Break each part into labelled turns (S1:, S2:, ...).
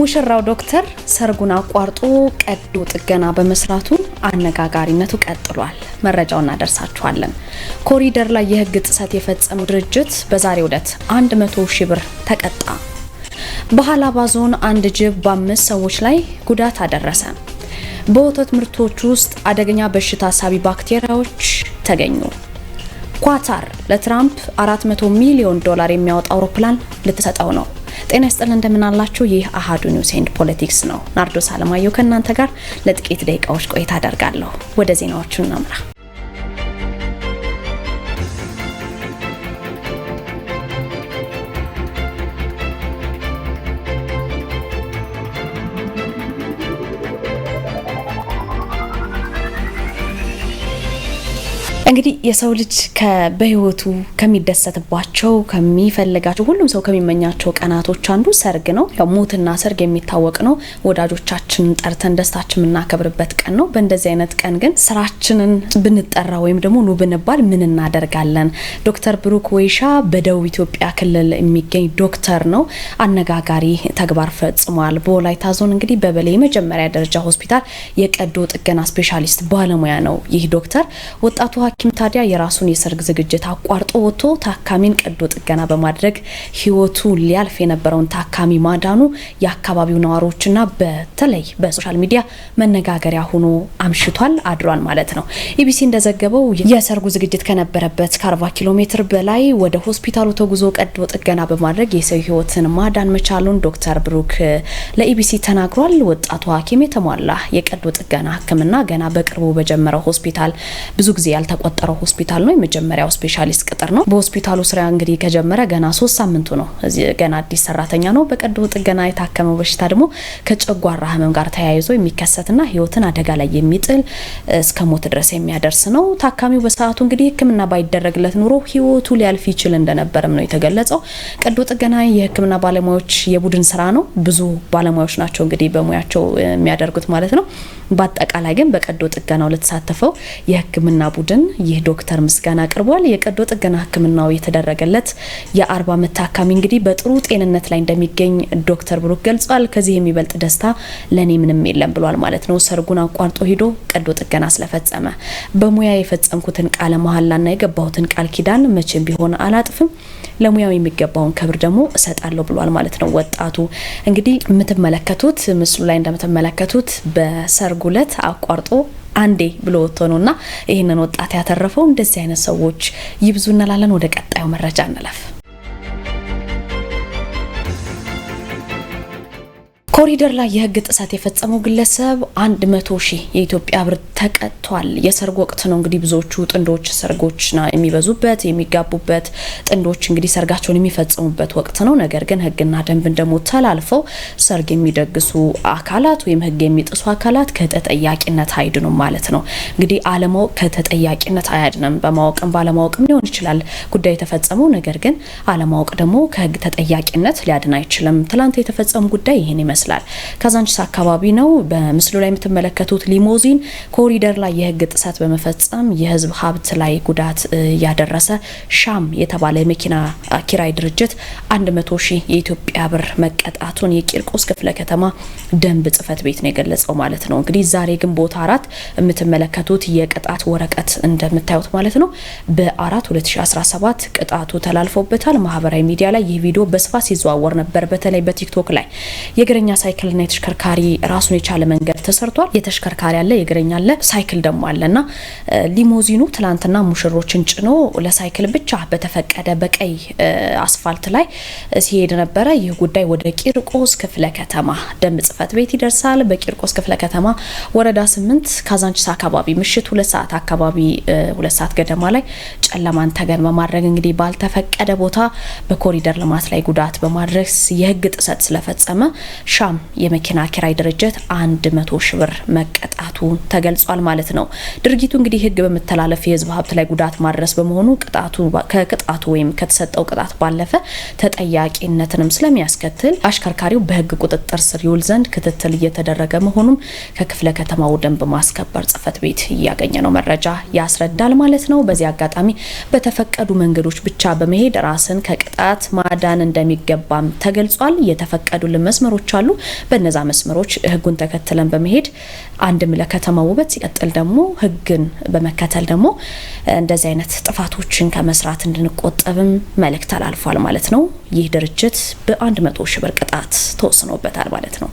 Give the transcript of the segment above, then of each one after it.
S1: ሙሽራው ዶክተር ሰርጉን አቋርጦ ቀዶ ጥገና በመስራቱ አነጋጋሪነቱ ቀጥሏል። መረጃውን እናደርሳችኋለን። ኮሪደር ላይ የህግ ጥሰት የፈጸመው ድርጅት በዛሬው ዕለት 100 ሺህ ብር ተቀጣ። በሀላባ ዞን አንድ ጅብ በአምስት ሰዎች ላይ ጉዳት አደረሰ። በወተት ምርቶች ውስጥ አደገኛ በሽታ ሳቢ ባክቴሪያዎች ተገኙ። ኳታር ለትራምፕ 400 ሚሊዮን ዶላር የሚያወጣ አውሮፕላን ልትሰጠው ነው። ጤና ይስጥልን እንደምናላችሁ። ይህ አሃዱ ኒውስ ኤንድ ፖለቲክስ ነው። ናርዶስ አለማየሁ ከእናንተ ጋር ለጥቂት ደቂቃዎች ቆይታ አደርጋለሁ። ወደ ዜናዎቹ እናምራ። የሰው ልጅ በህይወቱ ከሚደሰትባቸው ከሚፈልጋቸው ሁሉም ሰው ከሚመኛቸው ቀናቶች አንዱ ሰርግ ነው። ያው ሞትና ሰርግ የሚታወቅ ነው። ወዳጆቻችንን ጠርተን ደስታችን የምናከብርበት ቀን ነው። በእንደዚህ አይነት ቀን ግን ስራችንን ብንጠራ ወይም ደግሞ ኑ ብንባል ምን እናደርጋለን? ዶክተር ብሩክ ወይሻ በደቡብ ኢትዮጵያ ክልል የሚገኝ ዶክተር ነው። አነጋጋሪ ተግባር ፈጽሟል። በወላይታ ዞን እንግዲህ በበሌ የመጀመሪያ ደረጃ ሆስፒታል የቀዶ ጥገና ስፔሻሊስት ባለሙያ ነው ይህ ዶክተር ወጣቱ ሐኪም ታዲያ የራሱን የሰርግ ዝግጅት አቋርጦ ወጥቶ ታካሚን ቀዶ ጥገና በማድረግ ህይወቱ ሊያልፍ የነበረውን ታካሚ ማዳኑ የአካባቢው ነዋሪዎችና በተለይ በሶሻል ሚዲያ መነጋገሪያ ሆኖ አምሽቷል አድሯል ማለት ነው። ኢቢሲ እንደዘገበው የሰርጉ ዝግጅት ከነበረበት ከ40 ኪሎ ሜትር በላይ ወደ ሆስፒታሉ ተጉዞ ቀዶ ጥገና በማድረግ የሰው ህይወትን ማዳን መቻሉን ዶክተር ብሩክ ለኢቢሲ ተናግሯል። ወጣቱ ሐኪም የተሟላ የቀዶ ጥገና ህክምና ገና በቅርቡ በጀመረው ሆስፒታል ብዙ ጊዜ ያልተቆጠረው ሆስፒታል ነው። የመጀመሪያው ስፔሻሊስት ቅጥር ነው። በሆስፒታሉ ስራ እንግዲህ ከጀመረ ገና ሶስት ሳምንቱ ነው። ገና አዲስ ሰራተኛ ነው። በቀዶ ጥገና የታከመው በሽታ ደግሞ ከጨጓራ ህመም ጋር ተያይዞ የሚከሰትና ህይወትን አደጋ ላይ የሚጥል እስከ ሞት ድረስ የሚያደርስ ነው። ታካሚው በሰዓቱ እንግዲህ ህክምና ባይደረግለት ኑሮ ህይወቱ ሊያልፍ ይችል እንደነበረም ነው የተገለጸው። ቀዶ ጥገና የህክምና ባለሙያዎች የቡድን ስራ ነው። ብዙ ባለሙያዎች ናቸው እንግዲህ በሙያቸው የሚያደርጉት ማለት ነው። በአጠቃላይ ግን በቀዶ ጥገናው ለተሳተፈው የህክምና ቡድን ይህ ዶክተር ምስጋና ቀርቧል። የቀዶ ጥገና ህክምናው የተደረገለት የአርባ ዓመት ታካሚ እንግዲህ በጥሩ ጤንነት ላይ እንደሚገኝ ዶክተር ብሩክ ገልጿል። ከዚህ የሚበልጥ ደስታ ለእኔ ምንም የለም ብሏል ማለት ነው። ሰርጉን አቋርጦ ሂዶ ቀዶ ጥገና ስለፈጸመ በሙያ የፈጸምኩትን ቃለ መሀላና የገባሁትን ቃል ኪዳን መቼም ቢሆን አላጥፍም፣ ለሙያው የሚገባውን ክብር ደግሞ እሰጣለሁ ብሏል ማለት ነው። ወጣቱ እንግዲህ የምትመለከቱት ምስሉ ላይ እንደምትመለከቱት በሰርጉ ዕለት አቋርጦ አንዴ ብሎ ወጥቶ ነው እና ይህንን ወጣት ያተረፈው። እንደዚህ አይነት ሰዎች ይብዙ እንላለን። ወደ ቀጣዩ መረጃ እንለፍ። ኮሪደር ላይ የህግ ጥሰት የፈጸመው ግለሰብ አንድ መቶ ሺህ የኢትዮጵያ ብር ተቀጥቷል። የሰርግ ወቅት ነው እንግዲህ ብዙዎቹ ጥንዶች ሰርጎች የሚበዙበት የሚጋቡበት ጥንዶች እንግዲህ ሰርጋቸውን የሚፈጽሙበት ወቅት ነው። ነገር ግን ህግና ደንብን ደግሞ ተላልፈው ሰርግ የሚደግሱ አካላት ወይም ህግ የሚጥሱ አካላት ከተጠያቂነት አይድኑም ማለት ነው። እንግዲህ አለማወቅ ከተጠያቂነት አያድንም። በማወቅም ባለማወቅም ሊሆን ይችላል ጉዳይ የተፈጸመው ነገር ግን አለማወቅ ደግሞ ከህግ ተጠያቂነት ሊያድን አይችልም። ትላንት የተፈጸሙ ጉዳይ ይህን ይመስላል። ይመስላል። ካዛንቺስ አካባቢ ነው በምስሉ ላይ የምትመለከቱት ሊሞዚን ኮሪደር ላይ የህግ ጥሰት በመፈጸም የህዝብ ሀብት ላይ ጉዳት ያደረሰ ሻም የተባለ የመኪና ኪራይ ድርጅት 100 ሺህ የኢትዮጵያ ብር መቀጣቱን የቂርቆስ ክፍለ ከተማ ደንብ ጽህፈት ቤት ነው የገለጸው ማለት ነው። እንግዲህ ዛሬ ግንቦት አራት የምትመለከቱት የቅጣት ወረቀት እንደምታዩት ማለት ነው በአራት 2017 ቅጣቱ ተላልፎበታል። ማህበራዊ ሚዲያ ላይ ይህ ቪዲዮ በስፋት ሲዘዋወር ነበር፣ በተለይ በቲክቶክ ላይ የእግረኛ ሳይክልና የተሽከርካሪ ራሱን የቻለ መንገድ ተሰርቷል። የተሽከርካሪ አለ፣ የእግረኛ አለ፣ ሳይክል ደግሞ አለ እና ሊሞዚኑ ትላንትና ሙሽሮችን ጭኖ ለሳይክል ብቻ በተፈቀደ በቀይ አስፋልት ላይ ሲሄድ ነበረ። ይህ ጉዳይ ወደ ቂርቆስ ክፍለ ከተማ ደንብ ጽፈት ቤት ይደርሳል። በቂርቆስ ክፍለ ከተማ ወረዳ ስምንት ካዛንችስ አካባቢ ምሽት ሁለት ሰዓት አካባቢ ሁለት ሰዓት ገደማ ላይ ጨለማን ተገን በማድረግ እንግዲህ ባልተፈቀደ ቦታ በኮሪደር ልማት ላይ ጉዳት በማድረግ የህግ ጥሰት ስለፈጸመ ሻም የመኪና ኪራይ ድርጅት 100 ሺህ ብር መቀጠል መቅጣቱ ተገልጿል ማለት ነው። ድርጊቱ እንግዲህ ህግ በመተላለፍ የህዝብ ሀብት ላይ ጉዳት ማድረስ በመሆኑ ቅጣቱ ከቅጣቱ ወይም ከተሰጠው ቅጣት ባለፈ ተጠያቂነትንም ስለሚያስከትል አሽከርካሪው በህግ ቁጥጥር ስር ይውል ዘንድ ክትትል እየተደረገ መሆኑም ከክፍለ ከተማው ደንብ ማስከበር ጽህፈት ቤት እያገኘ ነው መረጃ ያስረዳል ማለት ነው። በዚህ አጋጣሚ በተፈቀዱ መንገዶች ብቻ በመሄድ ራስን ከቅጣት ማዳን እንደሚገባም ተገልጿል። የተፈቀዱልን መስመሮች አሉ። በነዛ መስመሮች ህጉን ተከትለን በመሄድ አንድ አንድም ለከተማው ውበት፣ ሲቀጥል ደግሞ ህግን በመከተል ደግሞ እንደዚህ አይነት ጥፋቶችን ከመስራት እንድንቆጠብም መልእክት አላልፏል ማለት ነው። ይህ ድርጅት በአንድ መቶ ሺህ ብር ቅጣት ተወስኖበታል ማለት ነው።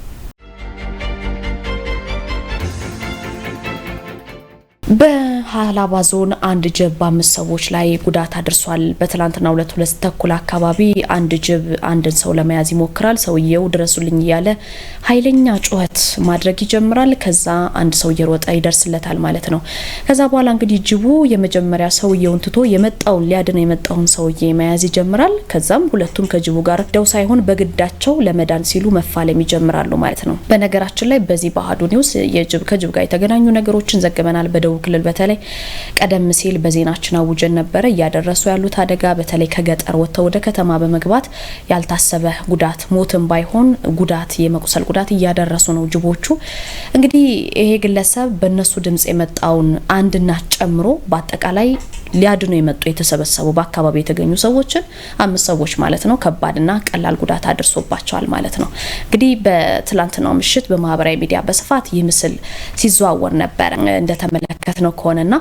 S1: በሀላባ ዞን አንድ ጅብ በአምስት ሰዎች ላይ ጉዳት አድርሷል። በትላንትና ሁለት ሁለት ተኩል አካባቢ አንድ ጅብ አንድን ሰው ለመያዝ ይሞክራል። ሰውየው ድረሱልኝ እያለ ኃይለኛ ጩኸት ማድረግ ይጀምራል። ከዛ አንድ ሰው እየሮጠ ይደርስለታል ማለት ነው። ከዛ በኋላ እንግዲህ ጅቡ የመጀመሪያ ሰውየውን ትቶ የመጣውን ሊያድነው የመጣውን ሰውዬ መያዝ ይጀምራል። ከዛም ሁለቱም ከጅቡ ጋር ደው ሳይሆን በግዳቸው ለመዳን ሲሉ መፋለም ይጀምራሉ ማለት ነው። በነገራችን ላይ በዚህ በአሀዱ ኒውስ ከጅብ ጋር የተገናኙ ነገሮችን ዘግበናል። በደቡብ ክልል በተለይ ቀደም ሲል በዜናችን አውጀን ነበረ እያደረሱ ያሉት አደጋ በተለይ ከገጠር ወጥተው ወደ ከተማ በመግባት ያልታሰበ ጉዳት ሞትም ባይሆን ጉዳት የመቁሰል ጉዳት እያደረሱ ነው ጅቦቹ። እንግዲህ ይሄ ግለሰብ በእነሱ ድምጽ የመጣውን አንድናት ጨምሮ በአጠቃላይ ሊያድኑ የመጡ የተሰበሰቡ በአካባቢ የተገኙ ሰዎችን አምስት ሰዎች ማለት ነው ከባድና ቀላል ጉዳት አድርሶባቸዋል ማለት ነው። እንግዲህ በትላንትናው ምሽት በማህበራዊ ሚዲያ በስፋት ይህ ምስል ሲዘዋወር ነበረ እንደተመለከ ነው ከሆነና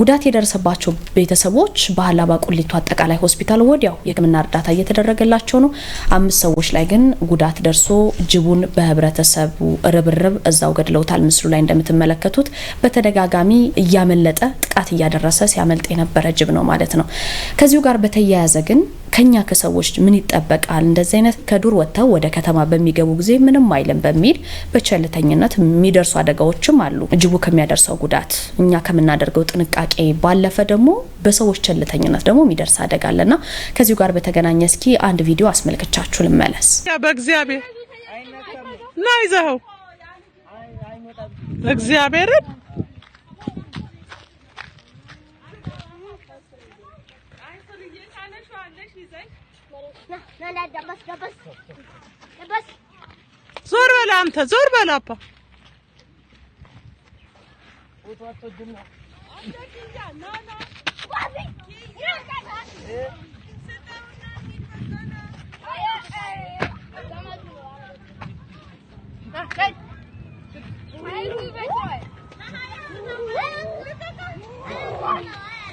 S1: ጉዳት የደረሰባቸው ቤተሰቦች በሀላባ ቁሊቱ አጠቃላይ ሆስፒታል ወዲያው የሕክምና እርዳታ እየተደረገላቸው ነው። አምስት ሰዎች ላይ ግን ጉዳት ደርሶ ጅቡን በህብረተሰቡ ርብርብ እዛው ገድለውታል። ምስሉ ላይ እንደምትመለከቱት በተደጋጋሚ እያመለጠ ጥቃት እያደረሰ ሲያመልጥ የነበረ ጅብ ነው ማለት ነው። ከዚሁ ጋር በተያያዘ ግን ከኛ ከሰዎች ምን ይጠበቃል? እንደዚህ አይነት ከዱር ወጥተው ወደ ከተማ በሚገቡ ጊዜ ምንም አይልም በሚል በቸልተኝነት የሚደርሱ አደጋዎችም አሉ። ጅቡ ከሚያደርሰው ጉዳት እኛ ከምናደርገው ጥንቃቄ ባለፈ ደግሞ በሰዎች ቸልተኝነት ደግሞ የሚደርስ አደጋ አለና ከዚሁ ጋር በተገናኘ እስኪ አንድ ቪዲዮ አስመልክቻችሁ ልመለስ። በእግዚአብሔር ና ይዘኸው እግዚአብሔርን Böyle dabas dabas. Dabas. Zor böyle amta zor böyle apa. O tarafta durma.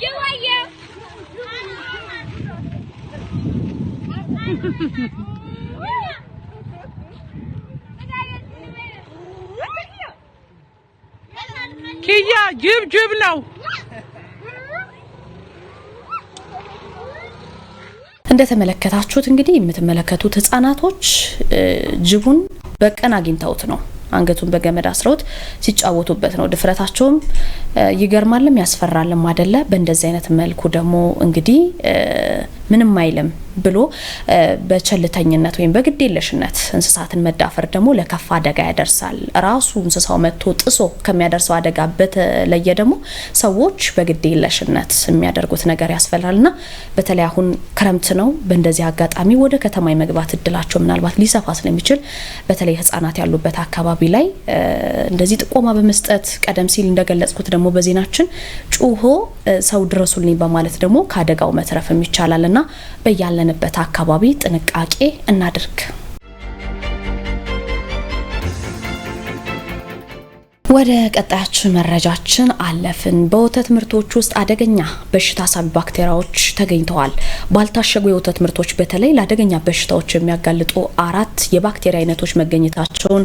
S1: You are you. ኪያ ጅብ ጅብ ነው። እንደተመለከታችሁት እንግዲህ የምትመለከቱት ህጻናቶች ጅቡን በቀን አግኝተውት ነው አንገቱን በገመድ አስረውት ሲጫወቱበት ነው። ድፍረታቸውም ይገርማልም ያስፈራልም አደለ። በእንደዚህ አይነት መልኩ ደግሞ እንግዲህ ምንም አይልም ብሎ በቸልተኝነት ወይም በግዴለሽነት እንስሳትን መዳፈር ደግሞ ለከፍ አደጋ ያደርሳል። ራሱ እንስሳው መጥቶ ጥሶ ከሚያደርሰው አደጋ በተለየ ደግሞ ሰዎች በግዴለሽነት የሚያደርጉት ነገር ያስፈላልና በተለይ አሁን ክረምት ነው። በእንደዚህ አጋጣሚ ወደ ከተማ የመግባት እድላቸው ምናልባት ሊሰፋ ስለሚችል በተለይ ህጻናት ያሉበት አካባቢ ላይ እንደዚህ ጥቆማ በመስጠት ቀደም ሲል እንደገለጽኩት ደግሞ በዜናችን ጩሆ ሰው ድረሱልኝ በማለት ደግሞ ከአደጋው መትረፍም ይቻላልና በያለን ባለንበት አካባቢ ጥንቃቄ እናድርግ። ወደ ቀጣያች መረጃችን አለፍን። በወተት ምርቶች ውስጥ አደገኛ በሽታ ሳቢ ባክቴሪያዎች ተገኝተዋል። ባልታሸጉ የወተት ምርቶች በተለይ ለአደገኛ በሽታዎች የሚያጋልጡ አራት የባክቴሪያ አይነቶች መገኘታቸውን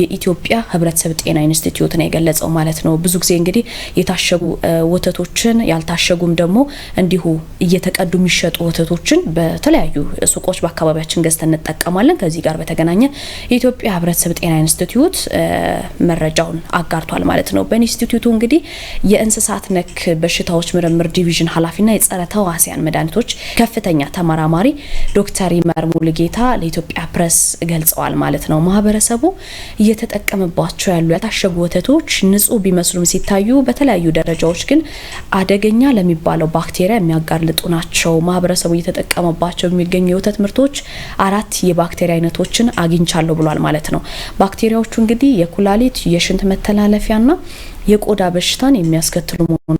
S1: የኢትዮጵያ ሕብረተሰብ ጤና ኢንስቲትዩት ነው የገለጸው ማለት ነው። ብዙ ጊዜ እንግዲህ የታሸጉ ወተቶችን ያልታሸጉም ደግሞ እንዲሁ እየተቀዱ የሚሸጡ ወተቶችን በተለያዩ ሱቆች በአካባቢያችን ገዝተን እንጠቀማለን። ከዚህ ጋር በተገናኘ የኢትዮጵያ ሕብረተሰብ ጤና ኢንስቲትዩት መረጃውን አጋርቷል ማለት ነው። በኢንስቲትዩቱ እንግዲህ የእንስሳት ነክ በሽታዎች ምርምር ዲቪዥን ኃላፊና የጸረ ተዋሲያን መድኃኒቶች ከፍተኛ ተመራማሪ ዶክተር ይመር ሙሉጌታ ለኢትዮጵያ ፕሬስ ገልጸዋል ማለት ነው። ማህበረሰቡ እየተጠቀመባቸው ያሉ ያታሸጉ ወተቶች ንጹህ ቢመስሉም ሲታዩ በተለያዩ ደረጃዎች ግን አደገኛ ለሚባለው ባክቴሪያ የሚያጋልጡ ናቸው። ማህበረሰቡ እየተጠቀመባቸው የሚገኙ የወተት ምርቶች አራት የባክቴሪያ አይነቶችን አግኝቻለሁ ብሏል ማለት ነው። ባክቴሪያዎቹ እንግዲህ የኩላሊት፣ የሽንት መ መተላለፊያና የቆዳ በሽታን የሚያስከትሉ ነው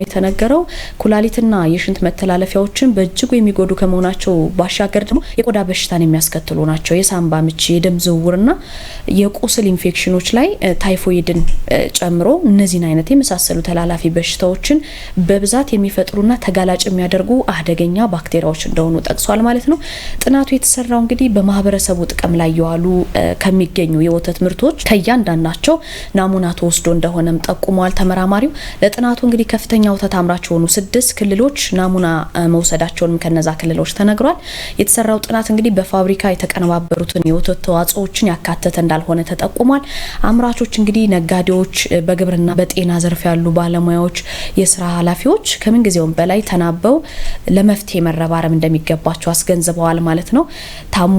S1: የተነገረው ኩላሊትና የሽንት መተላለፊያዎችን በእጅጉ የሚጎዱ ከመሆናቸው ባሻገር ደግሞ የቆዳ በሽታን የሚያስከትሉ ናቸው። የሳምባ ምች፣ የደም ዝውውርና የቁስል ኢንፌክሽኖች ላይ ታይፎይድን ጨምሮ እነዚህን አይነት የመሳሰሉ ተላላፊ በሽታዎችን በብዛት የሚፈጥሩና ተጋላጭ የሚያደርጉ አደገኛ ባክቴሪያዎች እንደሆኑ ጠቅሷል ማለት ነው። ጥናቱ የተሰራው እንግዲህ በማህበረሰቡ ጥቅም ላይ የዋሉ ከሚገኙ የወተት ምርቶች ከእያንዳንዳቸው ናሙና ተወስዶ እንደሆነም ጠቁመዋል ተመራማሪው ለጥናቱ እንግዲህ ከፍተኛ ወተት አምራች የሆኑ ስድስት ክልሎች ናሙና መውሰዳቸውንም ከነዛ ክልሎች ተነግሯል። የተሰራው ጥናት እንግዲህ በፋብሪካ የተቀነባበሩትን የወተት ተዋጽኦዎችን ያካተተ እንዳልሆነ ተጠቁሟል። አምራቾች እንግዲህ ነጋዴዎች፣ በግብርና በጤና ዘርፍ ያሉ ባለሙያዎች፣ የስራ ኃላፊዎች ከምንጊዜውም በላይ ተናበው ለመፍትሄ መረባረም እንደሚገባቸው አስገንዝበዋል ማለት ነው። ታሞ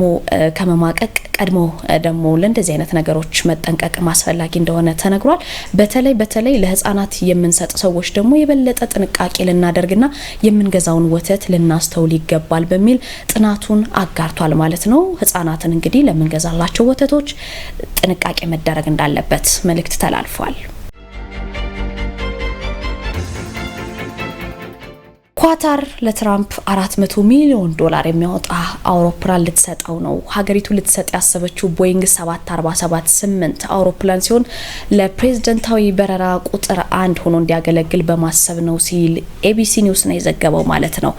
S1: ከመማቀቅ ቀድሞ ደግሞ ለእንደዚህ አይነት ነገሮች መጠንቀቅ አስፈላጊ እንደሆነ ተነግሯል። በተለይ በተለይ ለህጻናት የምንሰጥ ሰው ሰዎች ደግሞ የበለጠ ጥንቃቄ ልናደርግና የምንገዛውን ወተት ልናስተውል ይገባል በሚል ጥናቱን አጋርቷል ማለት ነው። ህጻናትን እንግዲህ ለምንገዛላቸው ወተቶች ጥንቃቄ መደረግ እንዳለበት መልእክት ተላልፏል። ኳታር ለትራምፕ 400 ሚሊዮን ዶላር የሚያወጣ አውሮፕላን ልትሰጠው ነው። ሀገሪቱ ልትሰጥ ያሰበችው ቦይንግ 8 አውሮፕላን ሲሆን ለፕሬዝደንታዊ በረራ ቁጥር አንድ ሆኖ እንዲያገለግል በማሰብ ነው ሲል ኤቢሲ ኒውስ ነው የዘገበው ማለት ነው።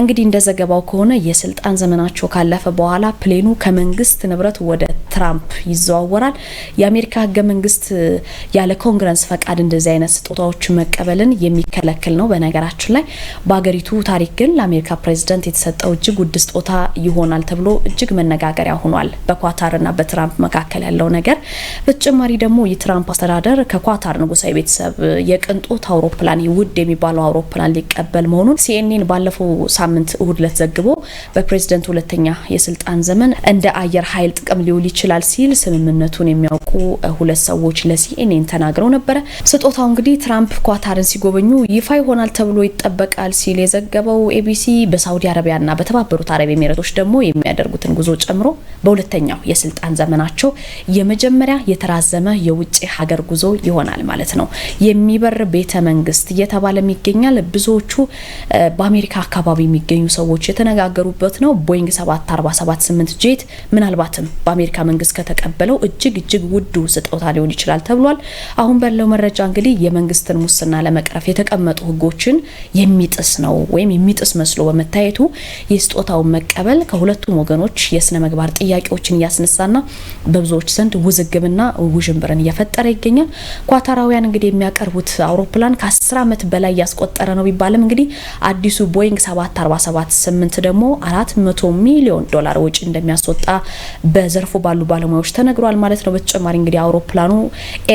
S1: እንግዲህ እንደ ዘገባው ከሆነ የስልጣን ዘመናቸው ካለፈ በኋላ ፕሌኑ ከመንግስት ንብረት ወደ ትራምፕ ይዘዋወራል። የአሜሪካ ህገ መንግስት ያለ ኮንግረስ ፈቃድ እንደዚህ አይነት ስጦታዎች መቀበልን የሚከለክል ነው። በነገራችን ላይ በሀገሪቱ ታሪክ ግን ለአሜሪካ ፕሬዝደንት የተሰጠው እጅግ ውድ ስጦታ ይሆናል ተብሎ እጅግ መነጋገሪያ ሆኗል በኳታርና በትራምፕ መካከል ያለው ነገር። በተጨማሪ ደግሞ የትራምፕ አስተዳደር ከኳታር ንጉሳዊ ቤተሰብ የቅንጦት አውሮፕላን ውድ የሚባለው አውሮፕላን ሊቀበል መሆኑን ሲኤንኤን ባለፈው ሳምንት እሁድ ዕለት ዘግቦ በፕሬዝደንት ሁለተኛ የስልጣን ዘመን እንደ አየር ኃይል ጥቅም ሊውል ይችላል ሲል ስምምነቱን የሚያውቁ ሁለት ሰዎች ለሲኤንኤን ተናግረው ነበረ። ስጦታው እንግዲህ ትራምፕ ኳታርን ሲጎበኙ ይፋ ይሆናል ተብሎ ይጠበቃል ሲል የዘገበው ኤቢሲ በሳውዲ አረቢያና በተባበሩት አረብ ኤሚሬቶች ደግሞ የሚያደርጉትን ጉዞ ጨምሮ በሁለተኛው የስልጣን ዘመናቸው የመጀመሪያ የተራዘመ የውጭ ሀገር ጉዞ ይሆናል ማለት ነው። የሚበር ቤተ መንግስት እየተባለም ይገኛል። ብዙዎቹ በአሜሪካ አካባቢ የሚገኙ ሰዎች የተነጋገሩበት ነው። ቦይንግ 7478 ጄት ምናልባትም በአሜሪካ መንግስት ከተቀበለው እጅግ እጅግ ውዱ ስጦታ ሊሆን ይችላል ተብሏል። አሁን ባለው መረጃ እንግዲህ የመንግስትን ሙስና ለመቅረፍ የተቀመጡ ህጎችን የሚጥስ የሚጥስ ነው ወይም የሚጥስ መስሎ በመታየቱ የስጦታውን መቀበል ከሁለቱም ወገኖች የስነ ምግባር ጥያቄዎችን እያስነሳና በብዙዎች ዘንድ ውዝግብና ውዥንብርን እየፈጠረ ይገኛል። ኳታራውያን እንግዲህ የሚያቀርቡት አውሮፕላን ከ10 ዓመት በላይ ያስቆጠረ ነው ቢባልም እንግዲህ አዲሱ ቦይንግ 7478 ደግሞ 400 ሚሊዮን ዶላር ወጪ እንደሚያስወጣ በዘርፉ ባሉ ባለሙያዎች ተነግሯል ማለት ነው። በተጨማሪ እንግዲህ አውሮፕላኑ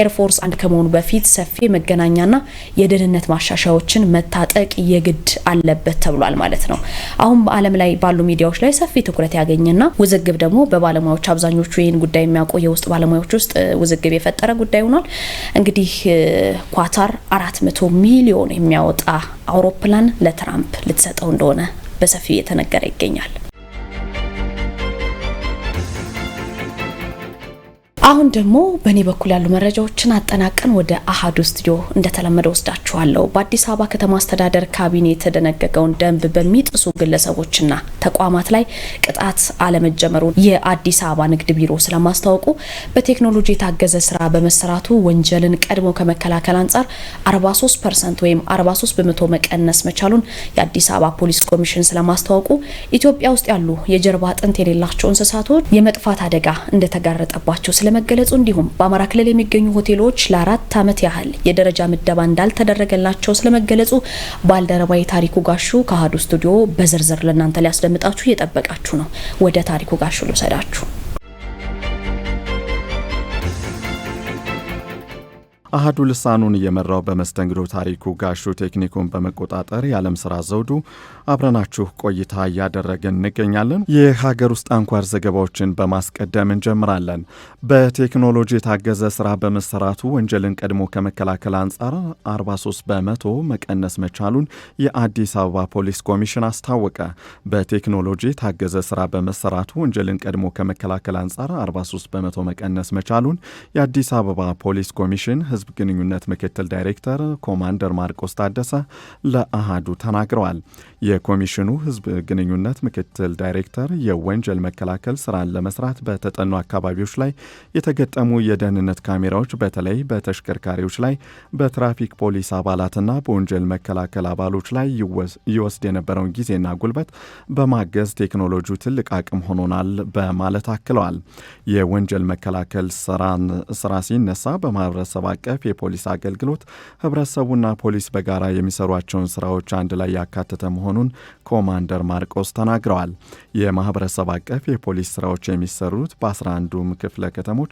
S1: ኤርፎርስ አንድ ከመሆኑ በፊት ሰፊ መገናኛና የደህንነት ማሻሻያዎችን መታጠቅ የግድ መውረድ አለበት ተብሏል ማለት ነው። አሁን በዓለም ላይ ባሉ ሚዲያዎች ላይ ሰፊ ትኩረት ያገኘና ውዝግብ ደግሞ በባለሙያዎች አብዛኞቹ ይህን ጉዳይ የሚያውቁ የውስጥ ባለሙያዎች ውስጥ ውዝግብ የፈጠረ ጉዳይ ሆኗል። እንግዲህ ኳታር አራት መቶ ሚሊዮን የሚያወጣ አውሮፕላን ለትራምፕ ልትሰጠው እንደሆነ በሰፊው እየተነገረ ይገኛል። አሁን ደግሞ በእኔ በኩል ያሉ መረጃዎችን አጠናቀን ወደ አሀዱ ስቱዲዮ እንደተለመደ ወስዳችኋለሁ። በአዲስ አበባ ከተማ አስተዳደር ካቢኔ የተደነገገውን ደንብ በሚጥሱ ግለሰቦችና ተቋማት ላይ ቅጣት አለመጀመሩን የአዲስ አበባ ንግድ ቢሮ ስለማስታወቁ በቴክኖሎጂ የታገዘ ስራ በመሰራቱ ወንጀልን ቀድሞ ከመከላከል አንጻር 43 ፐርሰንት ወይም 43 በመቶ መቀነስ መቻሉን የአዲስ አበባ ፖሊስ ኮሚሽን ስለማስታወቁ ኢትዮጵያ ውስጥ ያሉ የጀርባ አጥንት የሌላቸው እንስሳቶች የመጥፋት አደጋ እንደተጋረጠባቸው ስለ ስለመገለጹ እንዲሁም በአማራ ክልል የሚገኙ ሆቴሎች ለአራት ዓመት ያህል የደረጃ ምደባ እንዳልተደረገላቸው ስለመገለጹ ባልደረባ የታሪኩ ጋሹ ከአሀዱ ስቱዲዮ በዝርዝር ለእናንተ ሊያስደምጣችሁ እየጠበቃችሁ ነው። ወደ ታሪኩ ጋሹ ልውሰዳችሁ።
S2: አህዱ ልሳኑን እየመራው በመስተንግዶ ታሪኩ ጋሹ ቴክኒኩን በመቆጣጠር የዓለም ስራ ዘውዱ አብረናችሁ ቆይታ እያደረግን እንገኛለን። የሀገር ውስጥ አንኳር ዘገባዎችን በማስቀደም እንጀምራለን። በቴክኖሎጂ የታገዘ ስራ በመሰራቱ ወንጀልን ቀድሞ ከመከላከል አንጻር 43 በመቶ መቀነስ መቻሉን የአዲስ አበባ ፖሊስ ኮሚሽን አስታወቀ። በቴክኖሎጂ የታገዘ ስራ በመሰራቱ ወንጀልን ቀድሞ ከመከላከል አንጻር 43 በመቶ መቀነስ መቻሉን የአዲስ አበባ ፖሊስ ኮሚሽን የህዝብ ግንኙነት ምክትል ዳይሬክተር ኮማንደር ማርቆስ ታደሰ ለአሃዱ ተናግረዋል። የኮሚሽኑ ህዝብ ግንኙነት ምክትል ዳይሬክተር የወንጀል መከላከል ስራን ለመስራት በተጠኑ አካባቢዎች ላይ የተገጠሙ የደህንነት ካሜራዎች በተለይ በተሽከርካሪዎች ላይ በትራፊክ ፖሊስ አባላትና በወንጀል መከላከል አባሎች ላይ ይወስድ የነበረውን ጊዜና ጉልበት በማገዝ ቴክኖሎጂው ትልቅ አቅም ሆኖናል በማለት አክለዋል። የወንጀል መከላከል ስራ ሲነሳ በማህበረሰብ አቀፍ የፖሊስ አገልግሎት ህብረተሰቡና ፖሊስ በጋራ የሚሰሯቸውን ስራዎች አንድ ላይ ያካተተ መሆኑ መሆኑን ኮማንደር ማርቆስ ተናግረዋል። የማህበረሰብ አቀፍ የፖሊስ ስራዎች የሚሰሩት በ11ዱም ክፍለ ከተሞች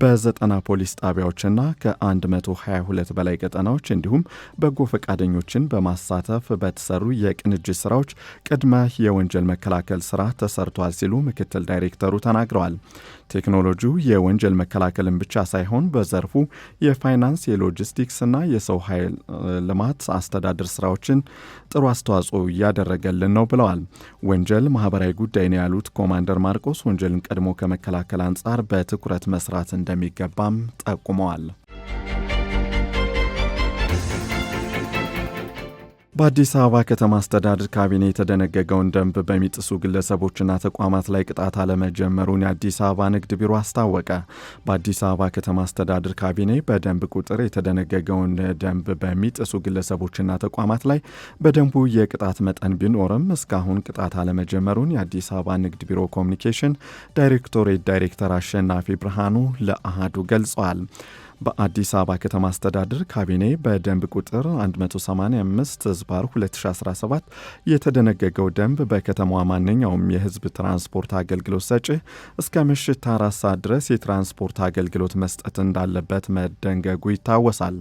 S2: በዘጠና ፖሊስ ጣቢያዎችና ከ122 በላይ ቀጠናዎች እንዲሁም በጎ ፈቃደኞችን በማሳተፍ በተሰሩ የቅንጅት ስራዎች ቅድመ የወንጀል መከላከል ስራ ተሰርቷል ሲሉ ምክትል ዳይሬክተሩ ተናግረዋል። ቴክኖሎጂው የወንጀል መከላከልን ብቻ ሳይሆን በዘርፉ የፋይናንስ የሎጂስቲክስ እና የሰው ኃይል ልማት አስተዳደር ስራዎችን ጥሩ አስተዋጽኦ እያደረገልን ነው ብለዋል። ወንጀል ማህበራዊ ጉዳይ ነው ያሉት ኮማንደር ማርቆስ ወንጀልን ቀድሞ ከመከላከል አንጻር በትኩረት መስራት እንደሚገባም ጠቁመዋል። በአዲስ አበባ ከተማ አስተዳደር ካቢኔ የተደነገገውን ደንብ በሚጥሱ ግለሰቦችና ተቋማት ላይ ቅጣት አለመጀመሩን የአዲስ አበባ ንግድ ቢሮ አስታወቀ። በአዲስ አበባ ከተማ አስተዳደር ካቢኔ በደንብ ቁጥር የተደነገገውን ደንብ በሚጥሱ ግለሰቦችና ተቋማት ላይ በደንቡ የቅጣት መጠን ቢኖርም እስካሁን ቅጣት አለመጀመሩን የአዲስ አበባ ንግድ ቢሮ ኮሚኒኬሽን ዳይሬክቶሬት ዳይሬክተር አሸናፊ ብርሃኑ ለአሃዱ ገልጸዋል። በአዲስ አበባ ከተማ አስተዳደር ካቢኔ በደንብ ቁጥር 185 ዝባር 2017 የተደነገገው ደንብ በከተማዋ ማንኛውም የህዝብ ትራንስፖርት አገልግሎት ሰጪ እስከ ምሽት አራት ሰዓት ድረስ የትራንስፖርት አገልግሎት መስጠት እንዳለበት መደንገጉ ይታወሳል።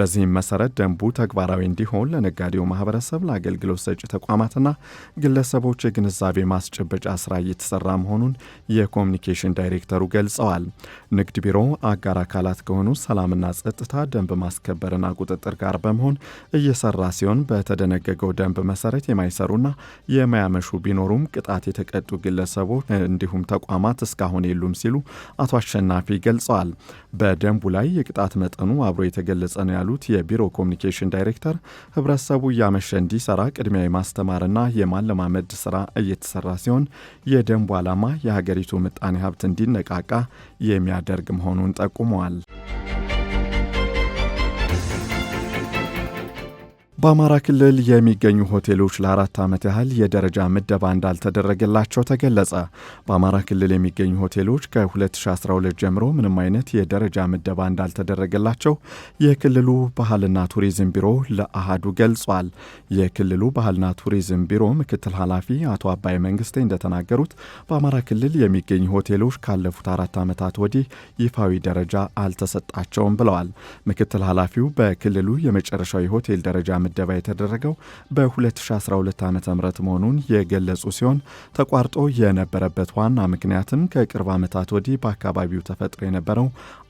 S2: በዚህም መሰረት ደንቡ ተግባራዊ እንዲሆን ለነጋዴው ማህበረሰብ፣ ለአገልግሎት ሰጪ ተቋማትና ግለሰቦች የግንዛቤ ማስጨበጫ ስራ እየተሰራ መሆኑን የኮሚኒኬሽን ዳይሬክተሩ ገልጸዋል። ንግድ ቢሮ አጋር አካላት ከሆኑ ሰላምና ጸጥታ ደንብ ማስከበርና ቁጥጥር ጋር በመሆን እየሰራ ሲሆን በተደነገገው ደንብ መሰረት የማይሰሩና የማያመሹ ቢኖሩም ቅጣት የተቀጡ ግለሰቦች እንዲሁም ተቋማት እስካሁን የሉም ሲሉ አቶ አሸናፊ ገልጸዋል። በደንቡ ላይ የቅጣት መጠኑ አብሮ የተገለጸ ነው ያሉት የቢሮ ኮሚኒኬሽን ዳይሬክተር ህብረተሰቡ እያመሸ እንዲሰራ ቅድሚያ የማስተማርና የማለማመድ ስራ እየተሰራ ሲሆን የደንቡ ዓላማ የሀገሪቱ ምጣኔ ሀብት እንዲነቃቃ የሚያደርግ መሆኑን ጠቁመዋል። በአማራ ክልል የሚገኙ ሆቴሎች ለአራት ዓመት ያህል የደረጃ ምደባ እንዳልተደረገላቸው ተገለጸ። በአማራ ክልል የሚገኙ ሆቴሎች ከ2012 ጀምሮ ምንም አይነት የደረጃ ምደባ እንዳልተደረገላቸው የክልሉ ባህልና ቱሪዝም ቢሮ ለአሃዱ ገልጿል። የክልሉ ባህልና ቱሪዝም ቢሮ ምክትል ኃላፊ አቶ አባይ መንግስቴ እንደተናገሩት በአማራ ክልል የሚገኙ ሆቴሎች ካለፉት አራት ዓመታት ወዲህ ይፋዊ ደረጃ አልተሰጣቸውም ብለዋል። ምክትል ኃላፊው በክልሉ የመጨረሻዊ ሆቴል ደረጃ ምደባ የተደረገው በ2012 ዓ ም መሆኑን የገለጹ ሲሆን ተቋርጦ የነበረበት ዋና ምክንያትም ከቅርብ ዓመታት ወዲህ በአካባቢው ተፈጥሮ የነበረው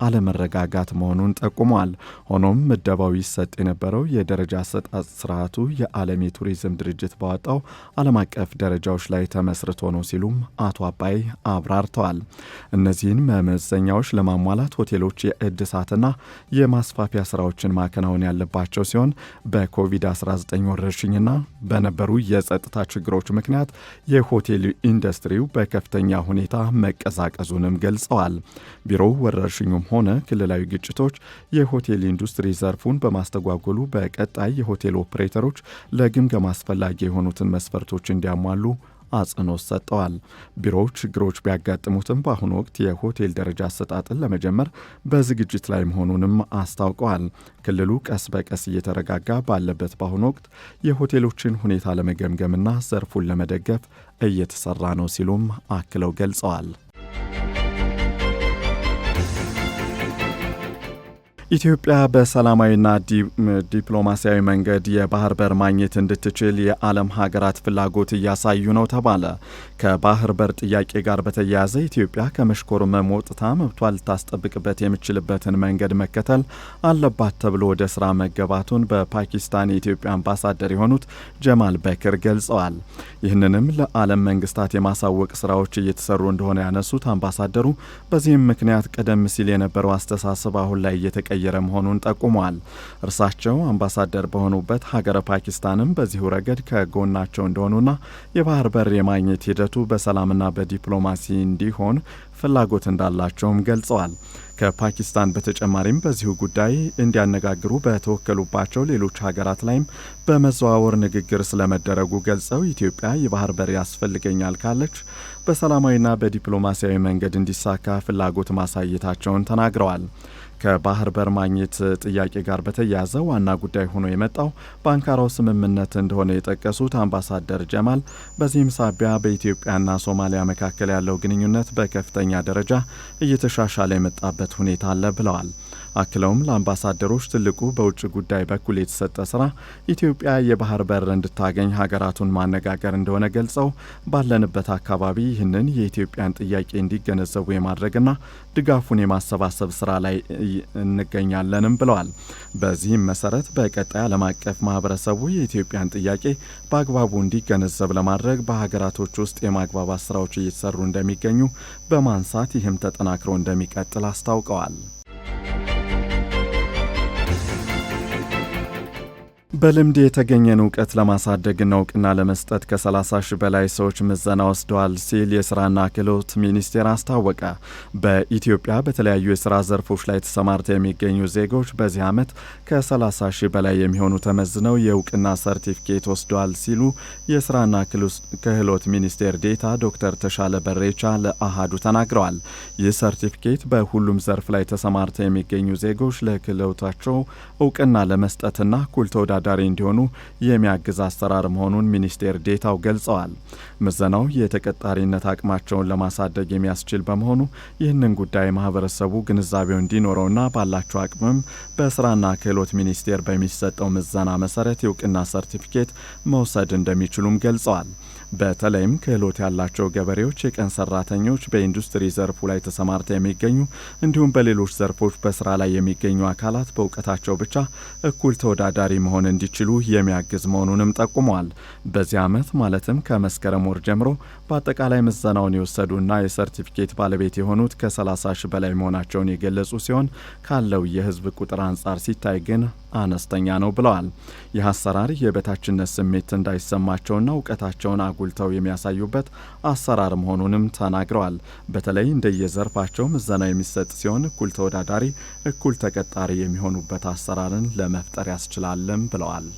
S2: አለመረጋጋት መሆኑን ጠቁመዋል። ሆኖም ምደባው ይሰጥ የነበረው የደረጃ አሰጣጥ ስርዓቱ የዓለም የቱሪዝም ድርጅት ባወጣው ዓለም አቀፍ ደረጃዎች ላይ ተመስርቶ ነው ሲሉም አቶ አባይ አብራርተዋል። እነዚህን መመዘኛዎች ለማሟላት ሆቴሎች የእድሳትና የማስፋፊያ ስራዎችን ማከናወን ያለባቸው ሲሆን በኮቪድ የኮቪድ-19 ወረርሽኝና በነበሩ የጸጥታ ችግሮች ምክንያት የሆቴል ኢንዱስትሪው በከፍተኛ ሁኔታ መቀዛቀዙንም ገልጸዋል። ቢሮው ወረርሽኙም ሆነ ክልላዊ ግጭቶች የሆቴል ኢንዱስትሪ ዘርፉን በማስተጓጎሉ በቀጣይ የሆቴል ኦፕሬተሮች ለግምገማ አስፈላጊ የሆኑትን መስፈርቶች እንዲያሟሉ አጽንኦት ሰጠዋል። ቢሮው ችግሮች ቢያጋጥሙትም በአሁኑ ወቅት የሆቴል ደረጃ አሰጣጥን ለመጀመር በዝግጅት ላይ መሆኑንም አስታውቀዋል። ክልሉ ቀስ በቀስ እየተረጋጋ ባለበት በአሁኑ ወቅት የሆቴሎችን ሁኔታ ለመገምገምና ዘርፉን ለመደገፍ እየተሰራ ነው ሲሉም አክለው ገልጸዋል። ኢትዮጵያ በሰላማዊና ዲፕሎማሲያዊ መንገድ የባህር በር ማግኘት እንድትችል የዓለም ሀገራት ፍላጎት እያሳዩ ነው ተባለ። ከባህር በር ጥያቄ ጋር በተያያዘ ኢትዮጵያ ከመሽኮርመም ወጥታ መብቷ ልታስጠብቅበት የምችልበትን መንገድ መከተል አለባት ተብሎ ወደ ስራ መገባቱን በፓኪስታን የኢትዮጵያ አምባሳደር የሆኑት ጀማል በክር ገልጸዋል። ይህንንም ለዓለም መንግስታት የማሳወቅ ስራዎች እየተሰሩ እንደሆነ ያነሱት አምባሳደሩ በዚህም ምክንያት ቀደም ሲል የነበረው አስተሳሰብ አሁን ላይ እየተቀየረ መሆኑን ጠቁመዋል። እርሳቸው አምባሳደር በሆኑበት ሀገረ ፓኪስታንም በዚሁ ረገድ ከጎናቸው እንደሆኑና የባህር በር የማግኘት ሂደት ሂደቱ በሰላምና በዲፕሎማሲ እንዲሆን ፍላጎት እንዳላቸውም ገልጸዋል። ከፓኪስታን በተጨማሪም በዚሁ ጉዳይ እንዲያነጋግሩ በተወከሉባቸው ሌሎች ሀገራት ላይም በመዘዋወር ንግግር ስለመደረጉ ገልጸው ኢትዮጵያ የባህር በር ያስፈልገኛል ካለች በሰላማዊና በዲፕሎማሲያዊ መንገድ እንዲሳካ ፍላጎት ማሳየታቸውን ተናግረዋል። ከባህር በር ማግኘት ጥያቄ ጋር በተያያዘ ዋና ጉዳይ ሆኖ የመጣው በአንካራው ስምምነት እንደሆነ የጠቀሱት አምባሳደር ጀማል በዚህም ሳቢያ በኢትዮጵያና ሶማሊያ መካከል ያለው ግንኙነት በከፍተኛ ደረጃ እየተሻሻለ የመጣበት ሁኔታ አለ ብለዋል። አክለውም ለአምባሳደሮች ትልቁ በውጭ ጉዳይ በኩል የተሰጠ ስራ ኢትዮጵያ የባህር በር እንድታገኝ ሀገራቱን ማነጋገር እንደሆነ ገልጸው ባለንበት አካባቢ ይህንን የኢትዮጵያን ጥያቄ እንዲገነዘቡ የማድረግና ድጋፉን የማሰባሰብ ስራ ላይ እንገኛለንም ብለዋል። በዚህም መሰረት በቀጣይ ዓለም አቀፍ ማህበረሰቡ የኢትዮጵያን ጥያቄ በአግባቡ እንዲገነዘብ ለማድረግ በሀገራቶች ውስጥ የማግባባት ስራዎች እየተሰሩ እንደሚገኙ በማንሳት ይህም ተጠናክሮ እንደሚቀጥል አስታውቀዋል። በልምድ የተገኘን እውቀት ለማሳደግና እውቅና ለመስጠት ከ30 ሺህ በላይ ሰዎች ምዘና ወስደዋል ሲል የስራና ክህሎት ሚኒስቴር አስታወቀ። በኢትዮጵያ በተለያዩ የስራ ዘርፎች ላይ ተሰማርተው የሚገኙ ዜጎች በዚህ ዓመት ከ30 ሺህ በላይ የሚሆኑ ተመዝነው የእውቅና ሰርቲፊኬት ወስደዋል ሲሉ የስራና ክህሎት ሚኒስቴር ዴታ ዶክተር ተሻለ በሬቻ ለአሃዱ ተናግረዋል። ይህ ሰርቲፊኬት በሁሉም ዘርፍ ላይ ተሰማርተው የሚገኙ ዜጎች ለክህሎታቸው እውቅና ለመስጠትና እኩል ተወዳዳ ተወዳዳሪ እንዲሆኑ የሚያግዝ አሰራር መሆኑን ሚኒስቴር ዴታው ገልጸዋል። ምዘናው የተቀጣሪነት አቅማቸውን ለማሳደግ የሚያስችል በመሆኑ ይህንን ጉዳይ ማህበረሰቡ ግንዛቤው እንዲኖረውና ባላቸው አቅምም በስራና ክህሎት ሚኒስቴር በሚሰጠው ምዘና መሰረት የእውቅና ሰርቲፊኬት መውሰድ እንደሚችሉም ገልጸዋል። በተለይም ክህሎት ያላቸው ገበሬዎች፣ የቀን ሰራተኞች፣ በኢንዱስትሪ ዘርፉ ላይ ተሰማርተው የሚገኙ እንዲሁም በሌሎች ዘርፎች በስራ ላይ የሚገኙ አካላት በእውቀታቸው ብቻ እኩል ተወዳዳሪ መሆን እንዲችሉ የሚያግዝ መሆኑንም ጠቁመዋል። በዚህ ዓመት ማለትም ከመስከረም ወር ጀምሮ በአጠቃላይ ምዘናውን የወሰዱና የሰርቲፊኬት ባለቤት የሆኑት ከ30 ሺ በላይ መሆናቸውን የገለጹ ሲሆን ካለው የህዝብ ቁጥር አንጻር ሲታይ ግን አነስተኛ ነው ብለዋል። ይህ አሰራር የበታችነት ስሜት እንዳይሰማቸውና እውቀታቸውን አጉልተው የሚያሳዩበት አሰራር መሆኑንም ተናግረዋል። በተለይ እንደየዘርፋቸው ምዘና የሚሰጥ ሲሆን እኩል ተወዳዳሪ፣ እኩል ተቀጣሪ የሚሆኑበት አሰራርን ለመፍጠር ያስችላልም ብለዋል።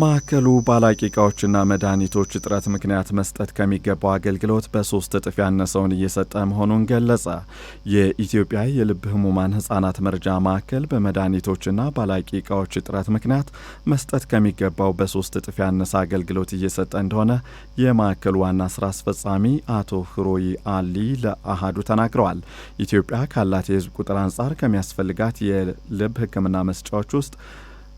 S2: ማዕከሉ ባላቂ ቃዎችና መድኃኒቶች እጥረት ምክንያት መስጠት ከሚገባው አገልግሎት በሶስት እጥፍ ያነሰውን እየሰጠ መሆኑን ገለጸ። የኢትዮጵያ የልብ ህሙማን ህጻናት መርጃ ማዕከል በመድኃኒቶችና ባላቂ ዕቃዎች እጥረት ምክንያት መስጠት ከሚገባው በሶስት እጥፍ ያነሰ አገልግሎት እየሰጠ እንደሆነ የማዕከሉ ዋና ስራ አስፈጻሚ አቶ ህሮይ አሊ ለአሃዱ ተናግረዋል። ኢትዮጵያ ካላት የህዝብ ቁጥር አንጻር ከሚያስፈልጋት የልብ ህክምና መስጫዎች ውስጥ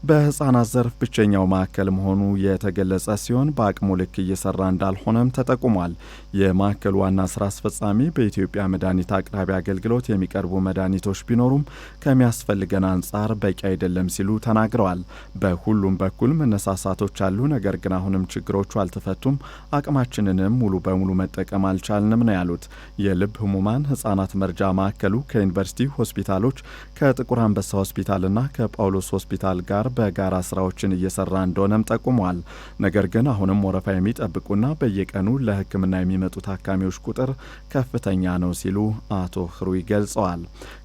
S2: በሕፃናት ዘርፍ ብቸኛው ማዕከል መሆኑ የተገለጸ ሲሆን በአቅሙ ልክ እየሰራ እንዳልሆነም ተጠቁሟል። የማዕከሉ ዋና ስራ አስፈጻሚ በኢትዮጵያ መድኃኒት አቅራቢ አገልግሎት የሚቀርቡ መድኃኒቶች ቢኖሩም ከሚያስፈልገን አንጻር በቂ አይደለም ሲሉ ተናግረዋል። በሁሉም በኩል መነሳሳቶች አሉ፣ ነገር ግን አሁንም ችግሮቹ አልተፈቱም፣ አቅማችንንም ሙሉ በሙሉ መጠቀም አልቻልንም ነው ያሉት። የልብ ህሙማን ህጻናት መርጃ ማዕከሉ ከዩኒቨርሲቲ ሆስፒታሎች፣ ከጥቁር አንበሳ ሆስፒታልና ከጳውሎስ ሆስፒታል ጋር በጋራ ስራዎችን እየሰራ እንደሆነም ጠቁመዋል። ነገር ግን አሁንም ወረፋ የሚጠብቁና በየቀኑ ለህክምና የሚ የሚመጡ ታካሚዎች ቁጥር ከፍተኛ ነው ሲሉ አቶ ህሩይ ገልጸዋል።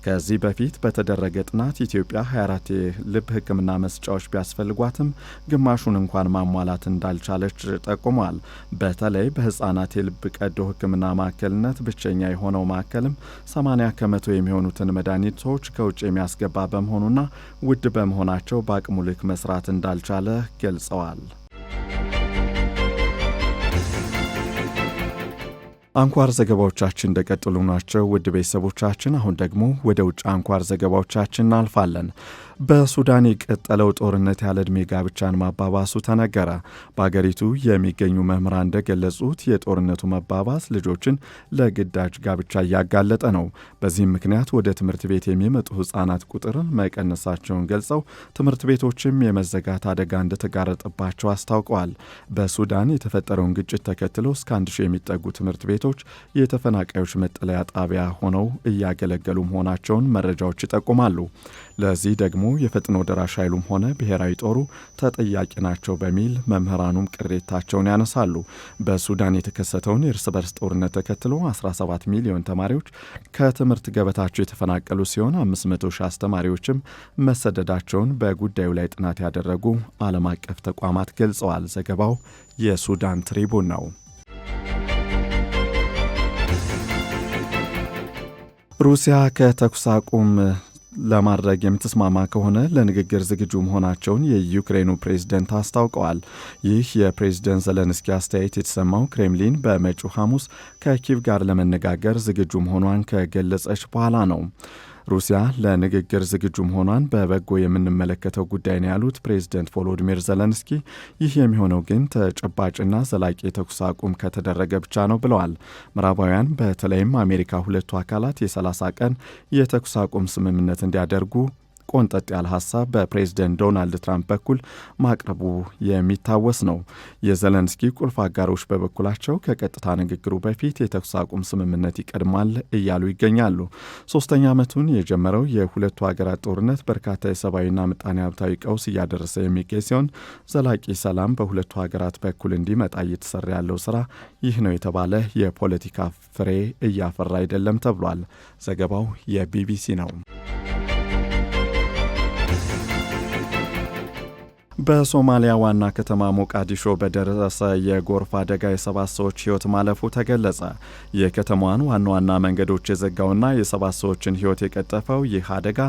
S2: ከዚህ በፊት በተደረገ ጥናት ኢትዮጵያ 24 የልብ ሕክምና መስጫዎች ቢያስፈልጓትም ግማሹን እንኳን ማሟላት እንዳልቻለች ጠቁሟል። በተለይ በህጻናት የልብ ቀዶ ሕክምና ማዕከልነት ብቸኛ የሆነው ማዕከልም 80 ከመቶ የሚሆኑትን መድኃኒቶች ከውጭ የሚያስገባ በመሆኑና ውድ በመሆናቸው በአቅሙ ልክ መስራት እንዳልቻለ ገልጸዋል። አንኳር ዘገባዎቻችን እንደቀጥሉ ናቸው። ውድ ቤተሰቦቻችን፣ አሁን ደግሞ ወደ ውጭ አንኳር ዘገባዎቻችን እናልፋለን። በሱዳን የቀጠለው ጦርነት ያለ ዕድሜ ጋብቻን ማባባሱ ተነገረ። በአገሪቱ የሚገኙ መምህራን እንደገለጹት የጦርነቱ መባባስ ልጆችን ለግዳጅ ጋብቻ እያጋለጠ ነው። በዚህም ምክንያት ወደ ትምህርት ቤት የሚመጡ ህጻናት ቁጥር መቀነሳቸውን ገልጸው ትምህርት ቤቶችም የመዘጋት አደጋ እንደተጋረጠባቸው አስታውቀዋል። በሱዳን የተፈጠረውን ግጭት ተከትሎ እስከ አንድ ሺህ የሚጠጉ ትምህርት ቤቶች የተፈናቃዮች መጠለያ ጣቢያ ሆነው እያገለገሉ መሆናቸውን መረጃዎች ይጠቁማሉ። ለዚህ ደግሞ የፈጥኖ ደራሽ ኃይሉም ሆነ ብሔራዊ ጦሩ ተጠያቂ ናቸው በሚል መምህራኑም ቅሬታቸውን ያነሳሉ። በሱዳን የተከሰተውን የእርስ በርስ ጦርነት ተከትሎ 17 ሚሊዮን ተማሪዎች ከትምህርት ገበታቸው የተፈናቀሉ ሲሆን 500 ሺህ አስተማሪዎችም መሰደዳቸውን በጉዳዩ ላይ ጥናት ያደረጉ ዓለም አቀፍ ተቋማት ገልጸዋል። ዘገባው የሱዳን ትሪቡን ነው። ሩሲያ ከተኩስ አቁም ለማድረግ የምትስማማ ከሆነ ለንግግር ዝግጁ መሆናቸውን የዩክሬኑ ፕሬዝደንት አስታውቀዋል። ይህ የፕሬዝደንት ዘለንስኪ አስተያየት የተሰማው ክሬምሊን በመጪው ሐሙስ ከኪቭ ጋር ለመነጋገር ዝግጁ መሆኗን ከገለጸች በኋላ ነው። ሩሲያ ለንግግር ዝግጁ መሆኗን በበጎ የምንመለከተው ጉዳይ ነው ያሉት ፕሬዚደንት ቮሎዲሚር ዘለንስኪ ይህ የሚሆነው ግን ተጨባጭና ዘላቂ የተኩስ አቁም ከተደረገ ብቻ ነው ብለዋል። ምዕራባውያን በተለይም አሜሪካ ሁለቱ አካላት የ30 ቀን የተኩስ አቁም ስምምነት እንዲያደርጉ ቆንጠጥ ያለ ሀሳብ በፕሬዝደንት ዶናልድ ትራምፕ በኩል ማቅረቡ የሚታወስ ነው። የዘለንስኪ ቁልፍ አጋሮች በበኩላቸው ከቀጥታ ንግግሩ በፊት የተኩስ አቁም ስምምነት ይቀድማል እያሉ ይገኛሉ። ሶስተኛ ዓመቱን የጀመረው የሁለቱ ሀገራት ጦርነት በርካታ የሰብአዊና ምጣኔ ሀብታዊ ቀውስ እያደረሰ የሚገኝ ሲሆን ዘላቂ ሰላም በሁለቱ ሀገራት በኩል እንዲመጣ እየተሰራ ያለው ስራ ይህ ነው የተባለ የፖለቲካ ፍሬ እያፈራ አይደለም ተብሏል። ዘገባው የቢቢሲ ነው። በሶማሊያ ዋና ከተማ ሞቃዲሾ በደረሰ የጎርፍ አደጋ የሰባት ሰዎች ህይወት ማለፉ ተገለጸ። የከተማዋን ዋና ዋና መንገዶች የዘጋውና የሰባት ሰዎችን ህይወት የቀጠፈው ይህ አደጋ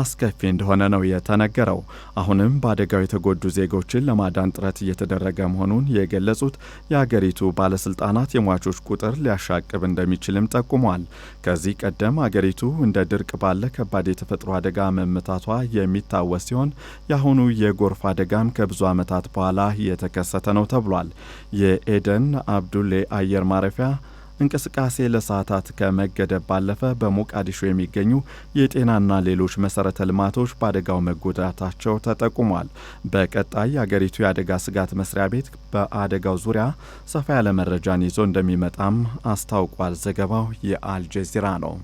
S2: አስከፊ እንደሆነ ነው የተነገረው። አሁንም በአደጋው የተጎዱ ዜጎችን ለማዳን ጥረት እየተደረገ መሆኑን የገለጹት የአገሪቱ ባለስልጣናት የሟቾች ቁጥር ሊያሻቅብ እንደሚችልም ጠቁመዋል። ከዚህ ቀደም አገሪቱ እንደ ድርቅ ባለ ከባድ የተፈጥሮ አደጋ መመታቷ የሚታወስ ሲሆን የአሁኑ የጎርፍ አደጋ አደጋም ከብዙ ዓመታት በኋላ የተከሰተ ነው ተብሏል። የኤደን አብዱሌ አየር ማረፊያ እንቅስቃሴ ለሰዓታት ከመገደብ ባለፈ በሞቃዲሾ የሚገኙ የጤናና ሌሎች መሰረተ ልማቶች በአደጋው መጎዳታቸው ተጠቁሟል። በቀጣይ የአገሪቱ የአደጋ ስጋት መስሪያ ቤት በአደጋው ዙሪያ ሰፋ ያለ መረጃን ይዞ እንደሚመጣም አስታውቋል። ዘገባው የአልጀዚራ ነው።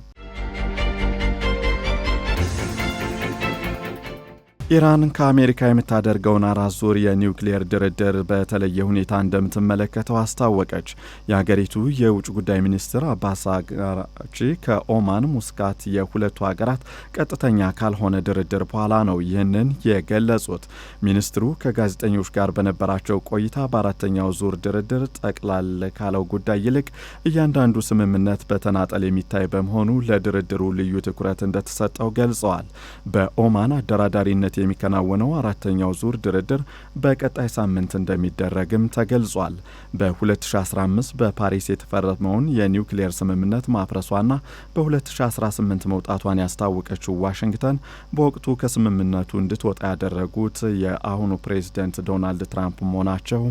S2: ኢራን ከአሜሪካ የምታደርገውን አራት ዙር የኒውክሌር ድርድር በተለየ ሁኔታ እንደምትመለከተው አስታወቀች። የሀገሪቱ የውጭ ጉዳይ ሚኒስትር አባስ አራግቺ ከኦማን ሙስካት የሁለቱ ሀገራት ቀጥተኛ ካልሆነ ድርድር በኋላ ነው ይህንን የገለጹት። ሚኒስትሩ ከጋዜጠኞች ጋር በነበራቸው ቆይታ በአራተኛው ዙር ድርድር ጠቅላል ካለው ጉዳይ ይልቅ እያንዳንዱ ስምምነት በተናጠል የሚታይ በመሆኑ ለድርድሩ ልዩ ትኩረት እንደተሰጠው ገልጸዋል። በኦማን አደራዳሪነት የሚከናወነው አራተኛው ዙር ድርድር በቀጣይ ሳምንት እንደሚደረግም ተገልጿል። በ2015 በፓሪስ የተፈረመውን የኒውክሌር ስምምነት ማፍረሷና በ2018 መውጣቷን ያስታወቀችው ዋሽንግተን በወቅቱ ከስምምነቱ እንድትወጣ ያደረጉት የአሁኑ ፕሬዚደንት ዶናልድ ትራምፕ መሆናቸው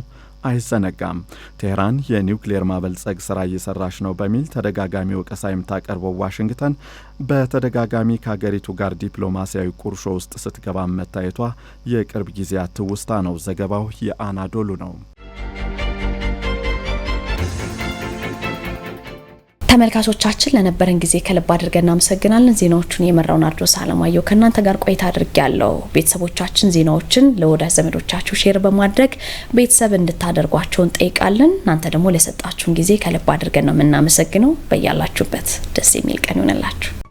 S2: አይዘነጋም። ቴህራን የኒውክሌር ማበልጸግ ስራ እየሰራች ነው በሚል ተደጋጋሚ ወቀሳ የምታቀርበው ዋሽንግተን በተደጋጋሚ ከሀገሪቱ ጋር ዲፕሎማሲያዊ ቁርሾ ውስጥ ስትገባ መታየቷ የቅርብ ጊዜያት ትውስታ ነው። ዘገባው የአናዶሉ ነው።
S1: ተመልካቾቻችን ለነበረን ጊዜ ከልብ አድርገን እናመሰግናለን። ዜናዎቹን የመራው ናርዶስ አለማየሁ ከእናንተ ጋር ቆይታ አድርግ ያለው። ቤተሰቦቻችን ዜናዎችን ለወዳጅ ዘመዶቻችሁ ሼር በማድረግ ቤተሰብ እንድታደርጓቸውን ጠይቃለን። እናንተ ደግሞ ለሰጣችሁን ጊዜ ከልብ አድርገን ነው የምናመሰግነው። በያላችሁበት ደስ የሚል ቀን ይሆነላችሁ።